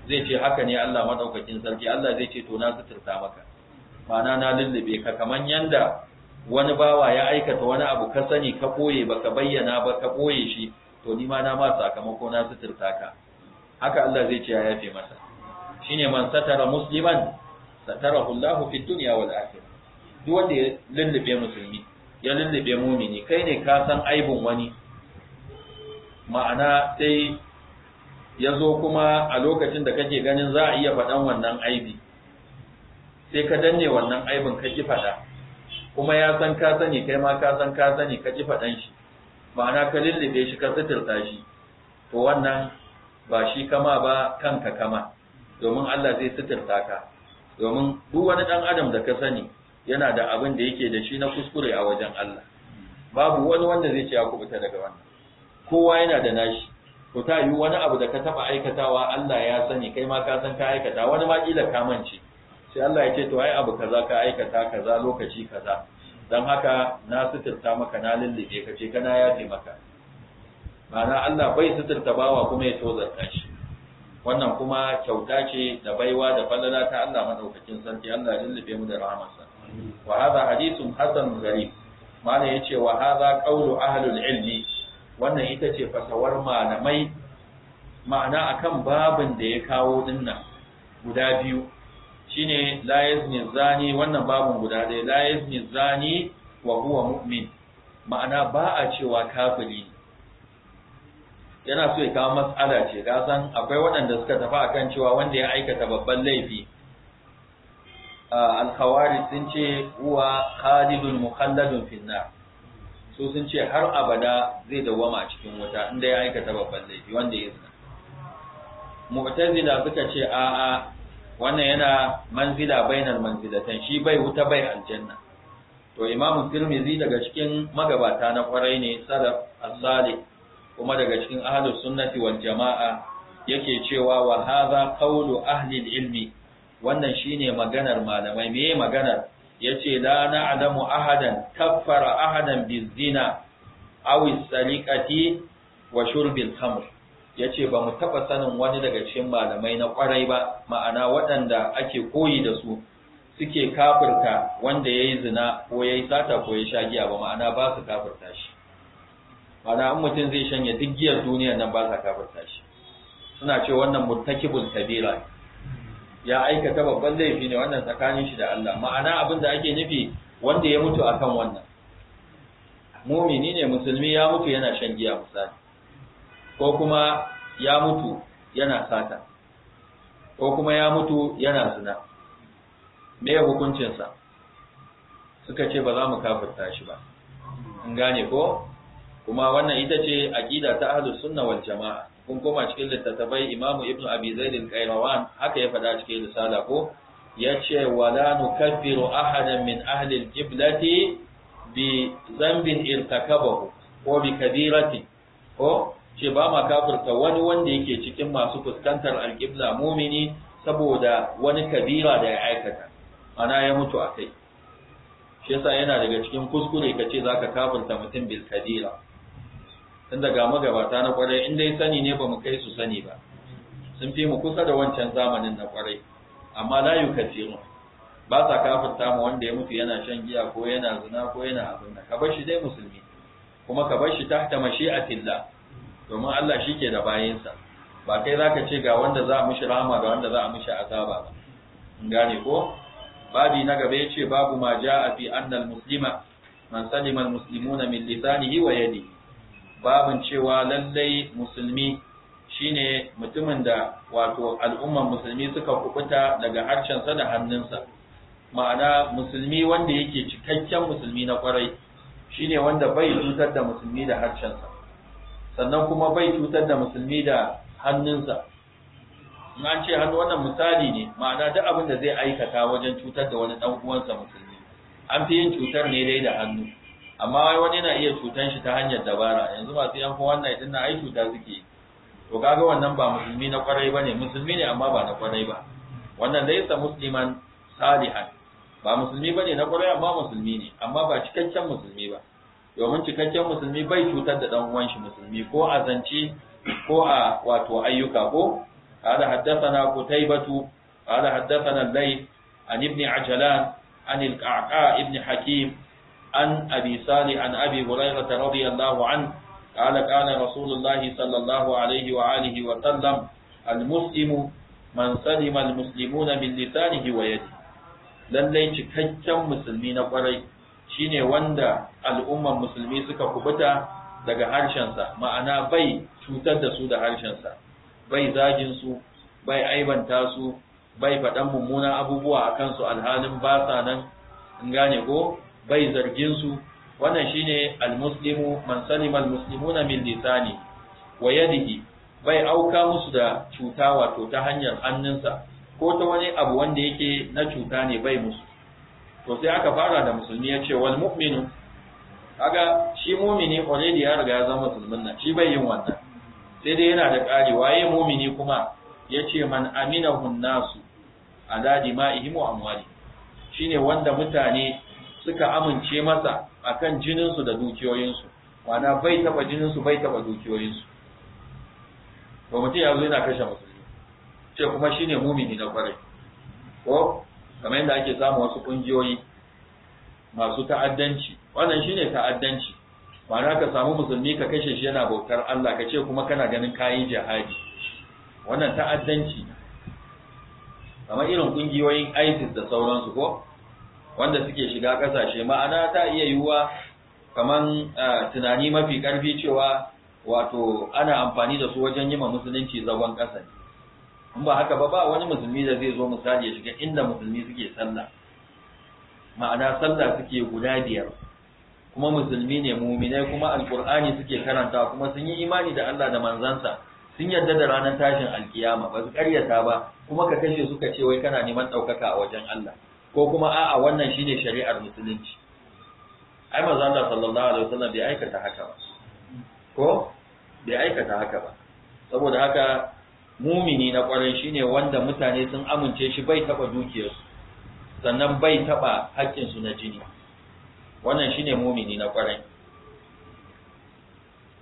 zai ce haka ne Allah madaukakin sarki Allah zai ce to na suturta maka ma'ana na lullube ka kaman yanda wani bawa ya aikata wani abu ka sani ka koye baka bayyana ba ka koye shi to ni ma na ma sakamako na suturta ka haka Allah zai ce ya yafe masa shine man satara musliman satara Allahu fi dunya wal akhirah duk wanda ya lullube musulmi ya lullube mumini kai ne ka san aibin wani ma'ana sai ya zo kuma a lokacin da kake ganin za a iya faɗan wannan aibi sai ka danne wannan aibin ka ji faɗa kuma ya san ka sani kai ma ka san ka sani ka ki faɗan shi ma'ana ka lullube shi ka suturta shi to wannan ba shi kama ba kanka kama domin Allah zai suturta ka domin duk wani dan adam da ka sani yana da abin da yake da shi na kuskure a wajen Allah babu wani wanda zai ce ya kubuta daga wannan kowa yana da nashi ko ta yi wani abu da ka taba aikatawa Allah ya sani kai ma ka san ka aikata wani ma kila ka sai Allah ya ce to ai abu kaza ka aikata kaza lokaci kaza dan haka na suturta maka na lullube ka ce kana ce maka ma'ana Allah bai suturta bawa kuma ya tozarta shi wannan kuma kyauta ce da baiwa da fallala ta Allah madaukakin sarki Allah ya lullube mu da rahamarsa wa hadha hadithun hasan gharib ma'ana yace wa hadha qawlu ahlul ilmi wannan ita ce fasawar malamai ma'ana akan babin da ya kawo dinnan guda biyu shine la yazni zani wannan babun guda ɗaya la yazni zani wa huwa mu'min ma'ana ba a cewa kafiri yana so ya kawo mas'ala ce ka san akwai waɗanda suka tafi akan cewa wanda ya aikata babban laifi al-khawarij sun ce huwa khalidun mukhalladun Finna. nar su sun ce har abada zai dawwama a cikin wuta inda ya aikata babban laifi wanda ya zina mu'tazila suka ce a'a wannan yana manzila bainal manzilatan shi bai wuta bai aljanna to imamu tirmizi daga cikin magabata na kwarai ne sada asali kuma daga cikin ahlus sunnati wal jama'a yake cewa wa hadha qawlu ahli ilmi wannan shine maganar malamai meye maganar yace la na'lamu ahadan kaffara ahadan bizina aw as-saliqati wa shurbil khamr ya ce ba mu taɓa sanin wani daga cikin malamai na ƙwarai ba ma'ana waɗanda ake koyi da su suke kafirta wanda ya yi zina ko ya yi sata ko ya sha giya ba ma'ana ba su kafirta shi ma'ana in mutum zai shanya duk giyar duniyar nan ba sa kafirta shi suna ce wannan murtakibun kabira ya aikata babban laifi ne wannan tsakanin shi da Allah ma'ana abin da ake nufi wanda ya mutu akan wannan mumini ne musulmi ya mutu yana shan giya misali ko kuma ya mutu yana sata ko kuma ya mutu yana zina me ya hukuncinsa suka ce ba za mu kafirta shi ba in gane ko kuma wannan ita ce aqida ta ahlus sunna wal jamaa kun koma cikin littattafai imamu ibnu abi zaid al-qayrawan haka ya faɗa cikin risala ko yace wala nukaffiru ahadan min ahli al-qiblati bi zambin irtakabahu ko bi kabirati ko ce ba ma kafirta wani wanda yake cikin masu fuskantar alƙibla mumini saboda wani kabira da ya aikata ana ya mutu a kai shi yasa yana daga cikin kuskure ka ce zaka kafirta mutum bil kabira tun daga magabata na kwarai in dai sani ne ba mu kai su sani ba sun fi mu kusa da wancan zamanin na kwarai amma la yukatiru ba sa kafirta mu wanda ya mutu yana shan giya ko yana zina ko yana abin ka bar shi dai musulmi kuma ka bar shi tahta mashi'atillah domin Allah shi ke da bayansa ba kai za ka ce ga wanda za a mishi rahama ga wanda za a mishi azaba ba in gane ko babi na gaba ya ce babu ma ja a fi annal muslima man salima al muslimuna min lisanihi wa ne. babin cewa lallai musulmi shine mutumin da wato al'umman musulmi suka kubuta daga harcensa da hannunsa ma'ana musulmi wanda yake cikakken musulmi na kwarai shine wanda bai cutar da musulmi da harcensa sannan kuma bai cutar da musulmi da hannunsa in an ce hannu wannan misali ne ma'ana duk abin da zai aikata wajen cutar da wani dan uwansa musulmi an fi yin cutar ne dai da hannu amma wani yana iya cutan shi ta hanyar dabara yanzu masu yanko wannan idan na aiki cuta suke to kaga wannan ba musulmi na kwarai bane musulmi ne amma ba na kwarai ba wannan dai sa musliman salihan ba musulmi bane na kwarai amma musulmi ne amma ba cikakken musulmi ba domin cikakken musulmi bai cutar da dan uwan shi musulmi ko a zance ko a wato ayyuka ko قال حدثنا قتيبة قال حدثنا الليث عن ابن عجلان عن القعقاع ابن حكيم عن أبي صالح عن أبي هريرة رضي الله عنه قال قال رسول الله صلى الله عليه وآله وسلم المسلم من سلم المسلمون من لسانه ويده lallai cikakken musulmi na kwarai shine wanda al'umman musulmi suka kubuta daga harshensa ma'ana bai cutar da su da harshensa bai zagin su bai aibanta su bai faɗan mummunan abubuwa a kansu alhalin ba sa nan in gane ko bai zargin su wannan shine almuslimu man salima almuslimuna min lisani wa yadihi bai auka musu da cuta wato ta hanyar hannunsa ko ta wani abu wanda yake na cuta ne bai musu to sai aka fara da musulmi ya ce wal mu'minu kaga shi mumini already ya riga ya zama musulmin nan shi bai yin wannan sai dai yana da ƙari waye mumini kuma ya ce man ma nasu ala dima'ihim wa amwali shine wanda mutane suka amince masa akan jinin su da dukiyoyin su wana bai taba jinin su bai taba dukiyoyin su to mutum ya zo yana kashe musulmi ce kuma shine mumini na kwarai ko kamar yadda ake samu wasu kungiyoyi masu ta'addanci wannan shine ta'addanci ma'ana ka samu musulmi ka kashe shi yana bautar Allah ka ce kuma kana ganin kayi jihadi wannan ta'addanci kamar irin kungiyoyin ISIS da sauransu ko wanda suke shiga kasashe ma'ana ta iya yiwuwa kamar tunani mafi karfi cewa wato ana amfani da su wajen yi ma musulunci zagon ƙasa ne in ba haka ba ba wani musulmi da zai zo misali ya shiga inda musulmi suke sallah ma'ana sallah suke guda biyar kuma musulmi ne muminai kuma alkur'ani suke karanta kuma sun yi imani da Allah da manzansa sun yarda da ranar tashin alkiyama ba su karyata ba kuma ka kashe suka ce wai kana neman ɗaukaka a wajen Allah ko kuma a'a wannan shine shari'ar musulunci ai manzon Allah sallallahu alaihi wasallam bai aikata haka ba ko bai aikata haka ba saboda haka mumini na kwarai shine wanda mutane sun amince shi bai taba dukiyarsu sannan bai taba haƙƙinsu na jini wannan shine mumini na kwarai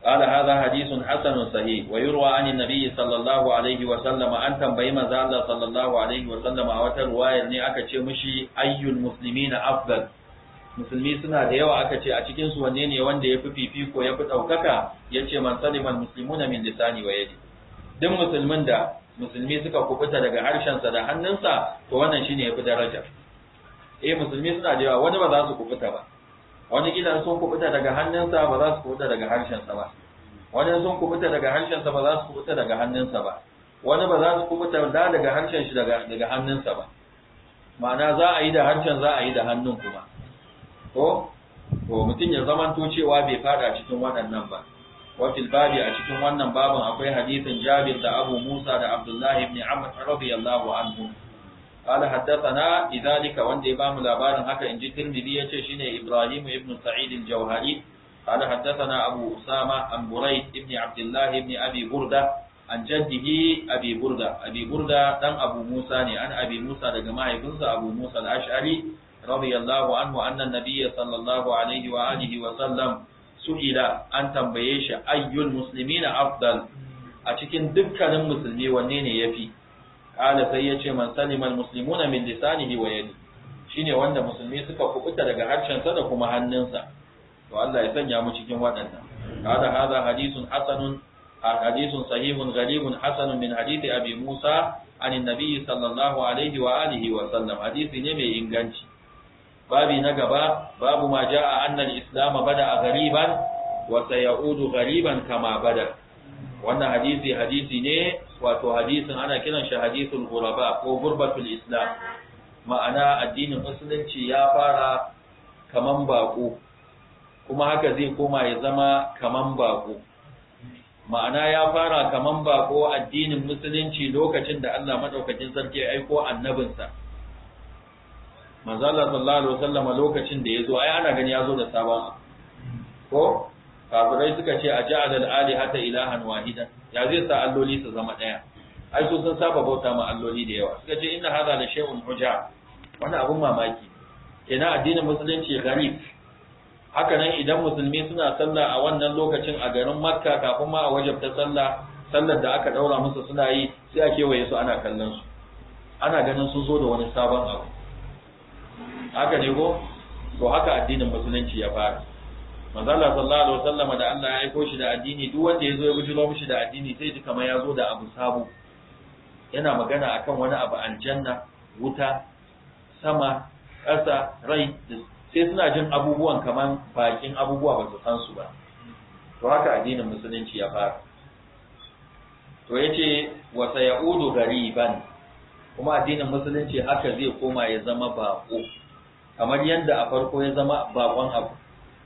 قال هذا حديث حسن صحيح an عن النبي صلى الله عليه وسلم أن تنبئي من ذا الله صلى الله عليه وسلم أوتى رواية ني أكا تشي مشي أي المسلمين أفضل musulmi suna da yawa aka ce a cikin su wanne ne wanda ya fi fifiko ya fi ɗaukaka ya ce man saliman muslimuna min lisani wa yadi duk musulmin da musulmi suka kubuta daga harshensa da hannunsa to wannan shine yafi daraja eh musulmi suna da yawa wani ba za su kubuta ba wani kila sun kubuta daga hannunsa ba za su kubuta daga harshensa ba wani sun kubuta daga harshensa ba za su kubuta daga hannunsa ba wani ba za su kubuta da daga harshen shi daga daga hannunsa ba ma'ana za a yi da harshen za a yi da hannun kuma ko to mutum ya zamanto cewa bai fada cikin waɗannan ba وفي الباب أشكم وانا باب أقوي حديث جابر دا أبو موسى دا عبد الله بن عمر رضي الله عنه قال حدثنا بذلك وان دي بام لابار هكا إن جي ترمذي شين إبراهيم بن سعيد الجوهري قال حدثنا أبو أسامة عن بريد بن عبد الله بن أبي بردة عن جده أبي بردة أبي بردة دم أبو موسى عن أبي موسى لجماعة بنز أبو موسى الأشعري رضي الله عنه أن النبي صلى الله عليه وآله وسلم su'ila an tambaye shi ayyul muslimina afdal a cikin dukkanin musulmi wanne ne yafi kala sai yace man salimal muslimuna min lisanihi wa yadi shine wanda musulmi suka kubuta daga harshen sa da kuma hannunsa to Allah ya sanya mu cikin waɗannan kada hada hadisun hasanun hadisun sahihun hasanun min hadisi abi Musa anin nabi sallallahu alaihi wa alihi wa sallam hadisi ne mai inganci babi na gaba babu ma ja'a annal islam bada ghariban wa sayaudu ghariban kama bada wannan hadisi hadisi ne wato hadisin ana kiran shi hadisul ghuraba ko gurbatul islam ma'ana addinin musulunci ya fara kaman bako kuma haka zai koma ya zama kaman bako ma'ana ya fara kaman bako addinin musulunci lokacin da Allah madaukakin sarki ya aiko annabinsa manzo Allah sallallahu alaihi wasallam lokacin da yazo ai ana gani yazo da sabon abu. ko kafirai suka ce a ja'al al-alihata ilahan wahida ya zai sa alloli su zama daya ai su sun saba bauta ma alloli da yawa suka ce inna hadha la shay'un hujja. wani abun mamaki kenan addinin musulunci gari haka nan idan musulmi suna sallah a wannan lokacin a garin makka kafin ma a wajabta sallah sallar da aka daura musu suna yi sai a kewaye su ana kallon su ana ganin sun zo da wani sabon abu haka ne ko to haka addinin musulunci ya fara manzo Allah sallallahu alaihi wasallam da Allah ya aiko shi da addini duk wanda yazo ya bujiro mishi da addini sai ji kamar yazo da abu sabo yana magana akan wani abu aljanna wuta sama ƙasa rai sai suna jin abubuwan kamar bakin abubuwa ba su san su ba to haka addinin musulunci ya fara to yace wa sayaudu gariban kuma addinin musulunci haka zai koma ya zama bako kamar yadda a farko ya zama bakon abu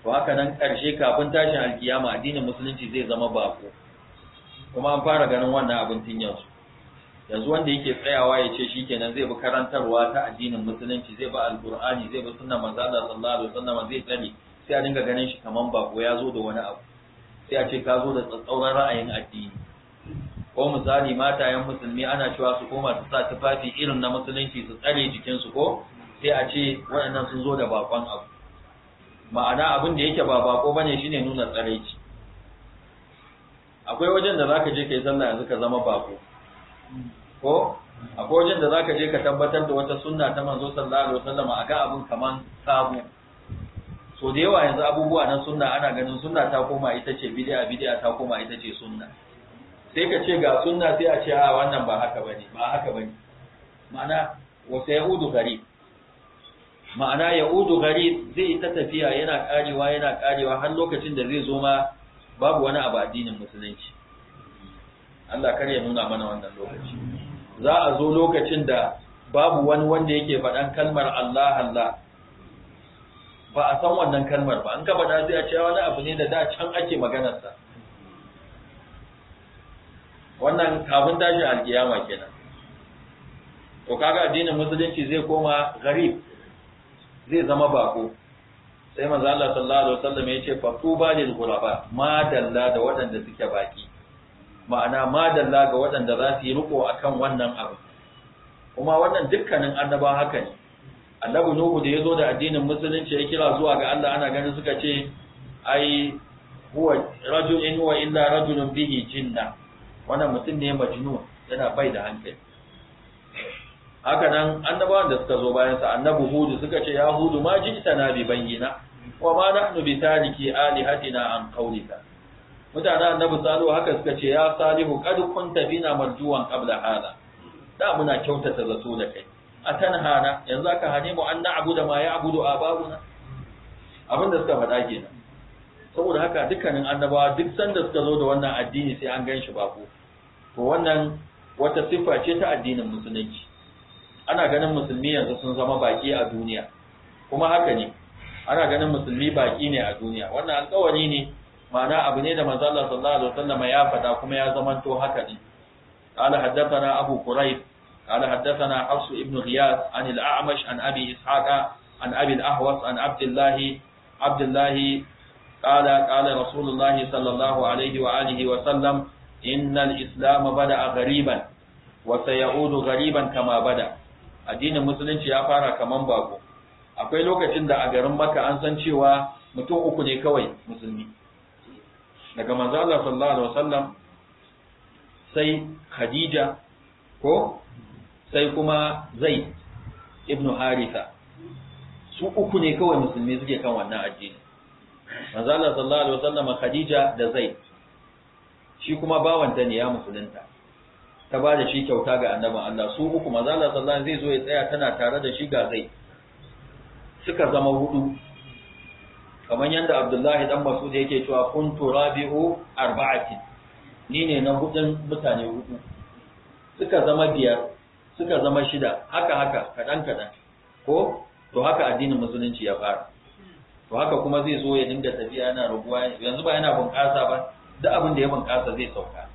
to haka nan ƙarshe kafin tashin alkiyama addinin musulunci zai zama bako kuma an fara ganin wannan abin tun yanzu yanzu wanda yake tsayawa ya ce shi kenan zai bi karantarwa ta addinin musulunci zai bi alkur'ani zai bi sunna manzo Allah sallallahu alaihi wasallam zai tsare sai a dinga ganin shi kaman bako ya zo da wani abu sai a ce ka zo da tsatsauran ra'ayin addini ko misali matayen musulmi ana cewa su koma su sa tufafi irin na musulunci su tsare jikinsu ko sai a ce waɗannan sun zo da bakon abu ma'ana abin da yake ba bako bane shine nuna tsaraici akwai wajen da zaka je kai sallah yanzu ka zama bako ko akwai wajen da zaka je ka tabbatar da wata sunna ta manzo sallallahu alaihi wasallam ga abin kaman sabo so da yawa yanzu abubuwa na sunna ana ganin sunna ta koma ita ce bid'a bid'a ta koma ita ce sunna sai ka ce ga sunna sai a ce a wannan ba haka bane ba haka bane ma'ana wasa yahudu gari ma'ana yahudu gari zai ta tafiya yana karewa yana karewa har lokacin da zai zo ma babu wani abu addinin musulunci Allah kar ya nuna mana wannan lokaci za a zo lokacin da babu wani wanda yake faɗan kalmar Allah Allah ba a san wannan kalmar ba an ka faɗa zai a ce wani abu ne da da can ake maganarsa wannan kafin tashin alkiyama kenan to kaga addinin musulunci zai koma garib zai zama bako sai manzo Allah sallallahu alaihi wasallam ya ce fa tuba lil ghuraba ma dalla da waɗanda suke baki ma'ana ma dalla ga waɗanda za su yi riko akan wannan abu kuma wannan dukkanin annaba haka ne annabi nuhu da yazo da addinin musulunci ya kira zuwa ga Allah ana ganin suka ce ai huwa rajulun wa illa rajulun bihi jinna wannan mutum ne majnun yana bai da hankali haka nan annabawan da suka zo bayan sa Annabu hudu suka ce ya hudu ma ji na bi bangina wa ma nahnu bi tariki alihatina an qawlika mutane annabi salihu haka suka ce ya salihu qad kunta bina marjuwan qabla hada da muna kyautata zato da kai a tanhana yanzu aka hane mu an na'budu da ma ya'budu ababuna abinda suka faɗa kenan saboda haka dukkanin annabawa duk sanda suka zo da wannan addini sai an ganshi ba ko to wannan wata siffa ce ta addinin musulunci ana ganin musulmi yanzu sun zama baki a duniya kuma haka ne ana ganin musulmi baki ne a duniya wannan alƙawari ne ma'ana abu ne da manzo Allah sallallahu alaihi wasallam ya faɗa kuma ya to haka ne Qala haddathana Abu Quraib, qala haddathana حفص ibn Riyad an al-A'mash an Abi Ishaq an Abi al-Ahwas an Abdullah Abdullah قال قال رسول الله صلى الله عليه وآله وسلم innal islam bada a gariban wa sayaudu gariban kama bada addinin musulunci ya fara kaman bako akwai lokacin da a garin maka an san cewa mutum uku ne kawai musulmi daga manzo Allah sallallahu alaihi wasallam sai Khadija ko sai kuma Zaid ibn Haritha su uku ne kawai musulmi suke kan wannan addini manzo Allah sallallahu alaihi wasallam Khadija da Zaid shi kuma bawanta ne ya musulunta ta ba da shi kyauta ga annabin Allah su uku maza Allah sallallahu zai zo ya tsaya tana tare da shi ga zai suka zama hudu kamar yadda Abdullahi dan Mas'ud yake cewa kuntu rabi'u arba'ati ni ne na hudun mutane hudu suka zama biyar suka zama shida haka haka kadan kadan ko to haka addinin musulunci ya fara to haka kuma zai zo ya dinga tafiya yana rubuwa yanzu ba yana bunƙasa ba duk abin da ya bunƙasa zai sauka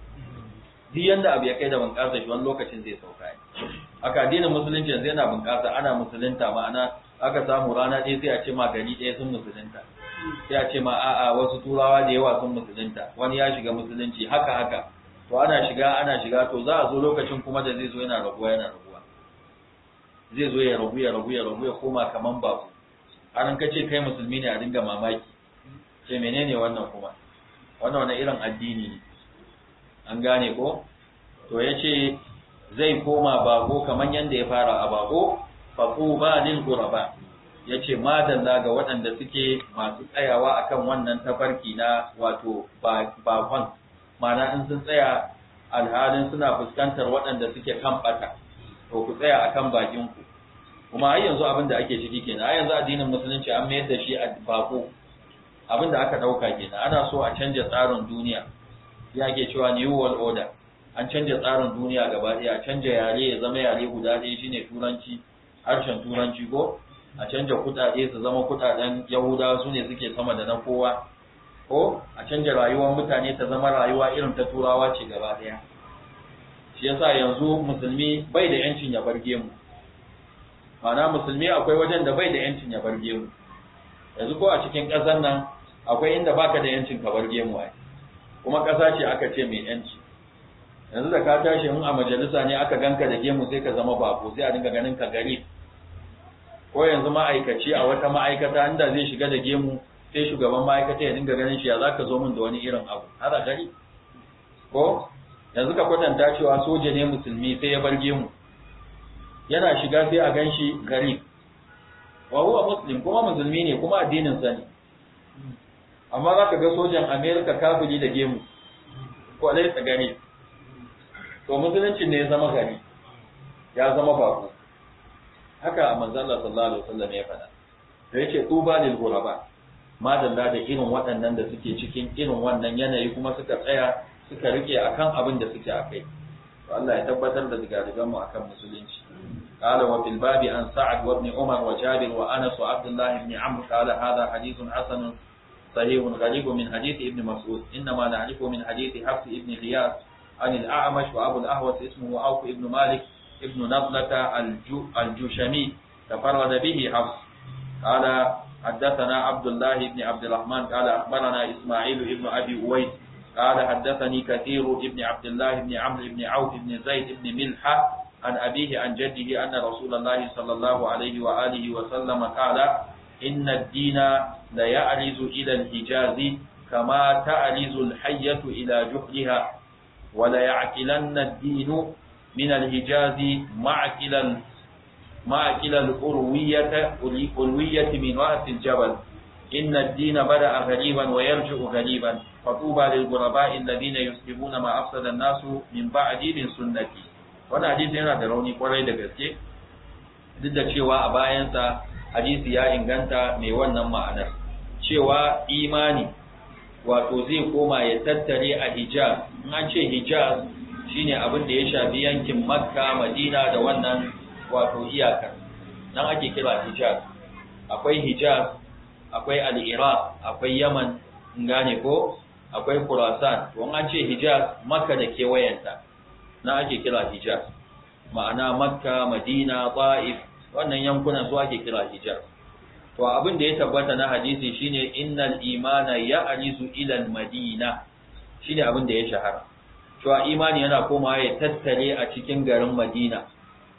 duk yanda abu ya kai da bunƙasa shi wani lokacin zai sauka A addinin musulunci yanzu yana bunƙasa ana musulunta ma'ana aka samu rana ɗaya sai a ce ma gari ɗaya sun musulunta sai a ce ma a'a wasu turawa da yawa sun musulunta wani ya shiga musulunci haka haka to ana shiga ana shiga to za a zo lokacin kuma da zai zo yana raguwa yana raguwa zai zo ya rabu, ya rabu, ya rabu, ya koma kaman babu an ka ce kai musulmi ne a dinga mamaki ce menene wannan kuma wannan wani irin addini ne an gane ko to ya ce zai koma bako kamar yadda ya fara a bago faƙo ba lil yace ya ce madalla ga waɗanda suke masu tsayawa akan wannan tafarki na wato bakon mana in sun tsaya alhalin suna fuskantar waɗanda suke kan ɓata to ku tsaya akan bakinku kuma har yanzu abin da ake ciki kenan har yanzu addinin musulunci an mayar da shi a bako abin da aka ɗauka kenan ana so a canja tsarin duniya ya ke cewa new world order an canja tsarin duniya gaba ɗaya a canja yare ya zama yare guda ɗaya shine turanci harshen turanci ko a canja kuɗaɗe su zama kuɗaɗen yahudawa su ne suke sama da na kowa ko a canja rayuwar mutane ta zama rayuwa irin ta turawa ce gaba ɗaya shi yasa yanzu musulmi bai da yancin ya barge mu ma'ana musulmi akwai wajen da bai da yancin ya bar gemu. yanzu ko a cikin ƙasar nan akwai inda baka da yancin ka bar gemu ai kuma ƙasa ce aka ce mai yanci yanzu da ka tashi in a majalisa ne aka ganka da gemu sai ka zama bako sai a dinga ganin ka gari ko yanzu ma'aikaci a wata ma'aikata inda zai shiga da gemu sai shugaban ma'aikata ya dinga ganin shi ya za ka zo min da wani irin abu har a gari ko yanzu ka kwatanta cewa soja ne musulmi sai ya bar gemu yana shiga sai a gan shi gari wa huwa muslim kuma musulmi ne kuma addinin sa ne amma za ka ga sojan amerika kafiri da gemu ko alai gani to musulunci ne ya zama gari ya zama bako haka a manzala sallallahu alaihi wasallam ya faɗa da yake tuba lil ghuraba madalla da irin waɗannan da suke cikin irin wannan yanayi kuma suka tsaya suka rike akan abin da suke akai to Allah ya tabbatar da digadigan mu akan musulunci قال وفي الباب عن سعد wa عمر وجابر وانس وعبد الله بن عمرو قال هذا حديث حسن صحيح غريب من حديث ابن مسعود إنما نعرفه من حديث حفص ابن غياث عن الأعمش وأبو الأهوس اسمه عوف ابن مالك ابن نضلة الجشمي تفرد به حفص قال حدثنا عبد الله بن عبد الرحمن قال أخبرنا إسماعيل بن أبي أويس قال حدثني كثير ابن عبد الله بن عمرو بن عوف بن زيد بن ملحة عن أبيه عن جده أن رسول الله صلى الله عليه وآله وسلم قال inna dina la ya'rizu ila al-hijazi kama ta'rizu al-hayyatu ila juhriha wa la ya'qilanna ad-dinu min al-hijazi ma'qilan ma'qilan urwiyata urwiyati min ra'si al-jabal إن الدين بدأ غريبا ويرجع غريبا فطوبى للغرباء الذين يسلمون ما أفسد الناس من بعد من سنتي wannan hadisi yana da rauni kwarai da gaske duk da cewa a bayansa hadisi ya inganta mai wannan ma'anar cewa imani wato zai koma ya tattare a hijaz in an ce hijaz shine abin da ya shafi yankin makka madina da wannan wato iyakar nan ake kira hijaz akwai hijaz akwai al akwai yaman in gane ko akwai kurasan, to an ce hijaz makka da kewayenta nan ake kira hijaz ma'ana makka madina ta'if wannan yankunan su ake kira hijar to abin da ya tabbata na hadisi shine innal imana ya'nisu ila madina shine abin da ya shahara cewa imani yana komawa ya tattare a cikin garin Madina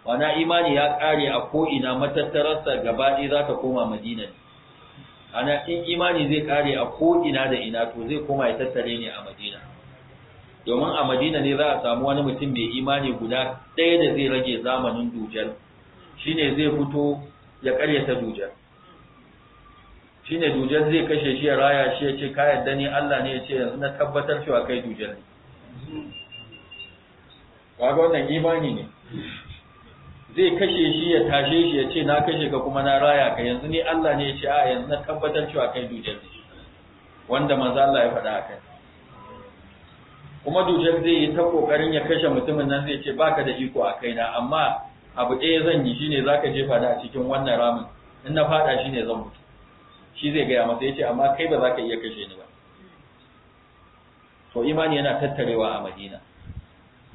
wana imani ya kare a ko ina matattararsa gaba ɗaya za ta koma Madina ana in imani zai kare a ko ina da ina to zai koma ya tattare ne a Madina domin a Madina ne za a samu wani mutum mai imani guda ɗaya da zai rage zamanin dujal shine zai fito ya karyata dujar shine dujar zai kashe shi ya raya shi ya ce ka yadda ni Allah ne ya ce yanzu na tabbatar cewa kai dujar ne kaga wannan imani ne zai kashe shi ya tashe shi ya ce na kashe ka kuma na raya ka yanzu ni Allah ne ya ce a yanzu na tabbatar cewa kai dujar ne wanda manzo Allah ya faɗa akai kuma dujar zai yi ta kokarin ya kashe mutumin nan zai ce baka da iko a kaina amma abu ɗaya zan yi shine ka jefa ni a cikin wannan ramin in na faɗa shine zan mutu shi zai gaya masa yace amma kai ba za ka iya kashe ni ba to imani yana tattarewa a Madina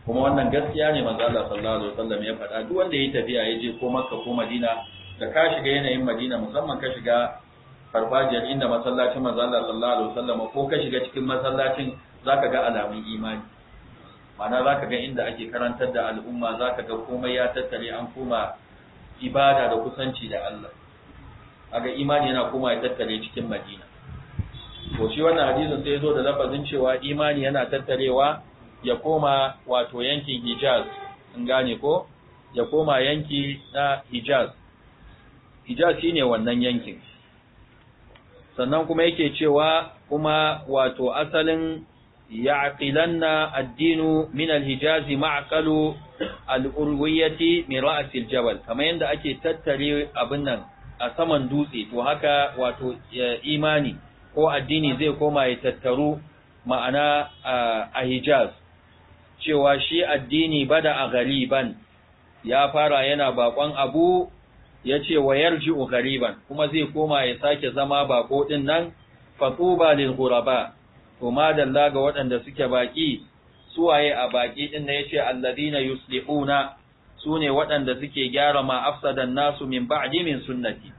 kuma wannan gaskiya ne manzo Allah sallallahu alaihi wasallam ya faɗa duk wanda ya tafiya ya je ko Makka ko Madina da ka shiga yanayin Madina musamman ka shiga farfajiyar inda masallacin manzo Allah sallallahu alaihi wasallam ko ka shiga cikin masallacin zaka ga alamun imani ma'ana za ka ga inda ake karantar da al'umma za ka ga komai ya tattare an koma ibada da kusanci da Allah aga imani yana koma ya tattare cikin madina to shi wannan hadisin sai zo da lafazin cewa imani yana tattarewa ya koma wato yankin hijaz in gane ko ya koma yanki na hijaz hijaz shine wannan yankin sannan kuma yake cewa kuma wato asalin ya aqilanna addinu min alhijazi ma'qalu al'urwiyati min ra'si aljabal kamar yadda ake tattare abin nan a saman dutse to haka wato imani ko addini zai koma ya tattaru ma'ana a hijaz cewa shi addini bada a gariban ya fara yana bakon abu ya ce wa yarji'u gariban kuma zai koma ya sake zama bako din nan fatuba lil ghuraba to madalla ga waɗanda suke baƙi suwaye a baƙi ɗin na yace ce alladina yuslihuna su ne waɗanda suke gyara ma afsadan nasu min ba'di min sunnati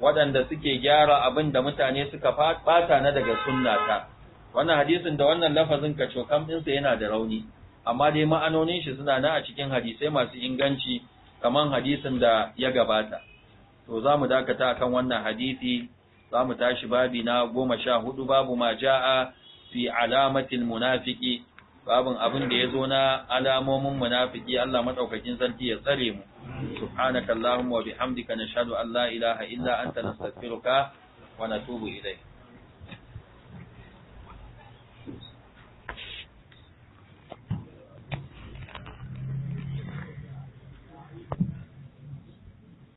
waɗanda suke gyara abin da mutane suka ɓata na daga sunnata wannan hadisin da wannan lafazin ka cokam ɗinsa yana da rauni amma dai ma'anonin shi suna na a cikin hadisai masu inganci kamar hadisin da ya gabata to za mu dakata kan wannan hadisi za mu tashi babi na goma sha hudu babu ma ja'a fi alamatil munafiki babin abin da ya zo na alamomin munafiki Allah madaukakin sarki ya tsare mu subhanakallahumma wa bihamdika nashhadu an la ilaha illa anta nastaghfiruka wa natubu ilayk